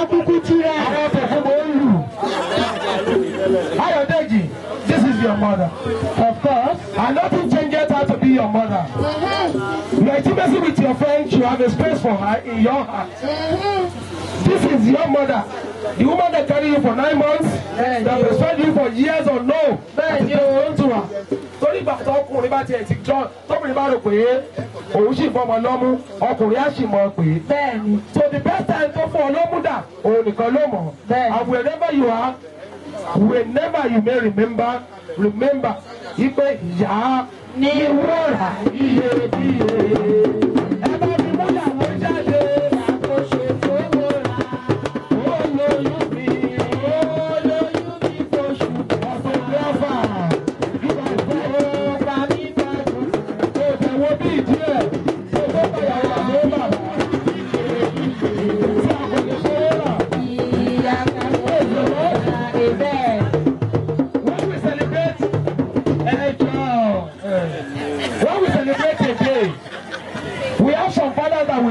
akuku tira àwọn ọkọ̀ fún mi ó lù. Ayọ̀dèjì, this is your mother. Of course, and nothing changes her to be your mother. Uh-huh. Your intimacy with your friends, you have a space for her in your heart. Uh-huh. This is your mother. The woman that carry you for nine months, that respect you for years or no, that is your to her. Torí bàtà ọkùnrin bá tiẹ̀ ti jọ, tọ́kùnrin bá rò pé òun sì fọmọ lọ́mú ọkùnrin á pé. bẹ́ẹ̀ni. so the best time to fún ọ lọ́mú dà òun nìkan ló mọ̀. bẹ́ẹ̀ni. and wherever you are whenever you may remember remember ipe ìyá. ni wúrà iyebíye.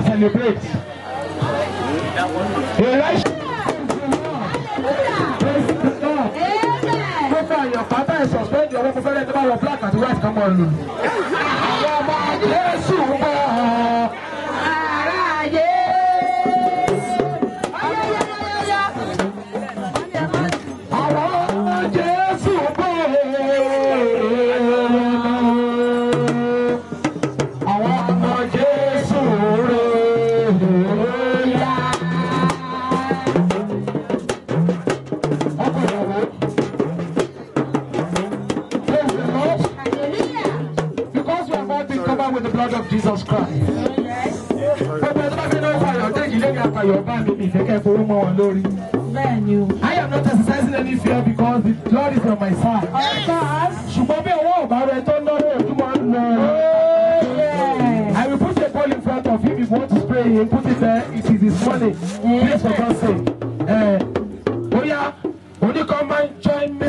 celebrate. The election Gbogbo àyànfà bẹ́ẹ̀ suspend your work for fẹ́rẹ́ tó bá wọ black àti white kan mọ́ ọ Jesus Christ. Gbogbo I am not exercising any fear because the Lord is on my side. Ṣùgbọ́n bí ọwọ́ ọ̀bá rẹ tó lọ́rọ̀ ojúmọ́ ń lọ. I will put a ball in front of him if you want to pray, him put it there it is his money please for God's sake. Eh, bóyá you come and join me.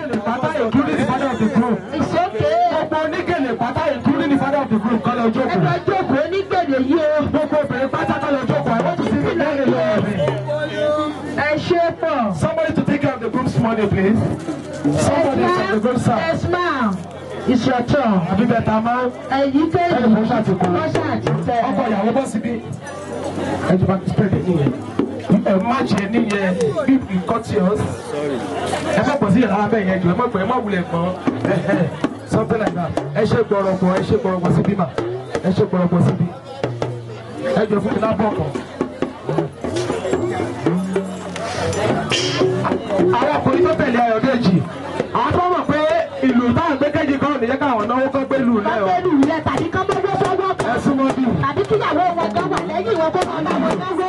onígèlè pátá It's okay. Gbogbo onígèlè the father of the group kọ́ lọ jókòó. Ẹ lọ jókòó onígèlè yìí o. Gbogbo obìnrin pátá kọ́ lọ I want to see the men in love. Ẹ Somebody to take care of the group's money please. Somebody from the group side. Ẹ smile. It's your turn. Àbí bẹ̀tà máa. Ẹ̀yí kẹ́yìn. Ẹ̀yí kọ́ṣà ti kú. Ọkọ ìyàwó bọ́ síbí. Ẹ jù bá ti pẹ̀lú ìyẹn ẹ má ṣe níyẹn bí nǹkan ti ọ something like that àwọn ọkùnrin tó tẹ̀lé Ayọ̀dèjì àwọn tó pé ìlú táwọn gbé kéjì kan nìyẹn káwọn náwó kan gbé lù lẹ́ o. ọgbẹ́ tàbí kán gbogbo sọ́wọ́ kan. ẹ tàbí kíyàwó wọn gan wà lẹ́yìn wọn kó kàn náà wọn náwó.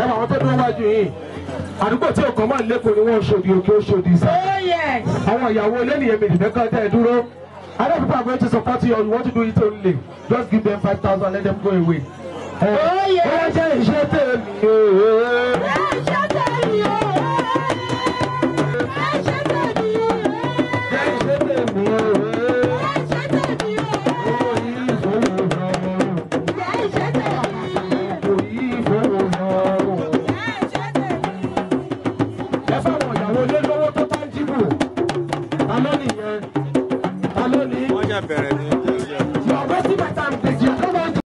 ẹ mọ àwọn tó dúró wájú yìí àdúgbò tí òkàn máa ń lékòó ni wọ́n ṣòdì òkè òṣòdì ìsàlẹ̀ oh, àwọn ìyàwó olónìyẹn mi nìfẹ́ kan tẹ́ dúró I know people are going to support you or you want to do it just give them five thousand let them go away. ó yẹ ṣe iṣẹ́ tèmi.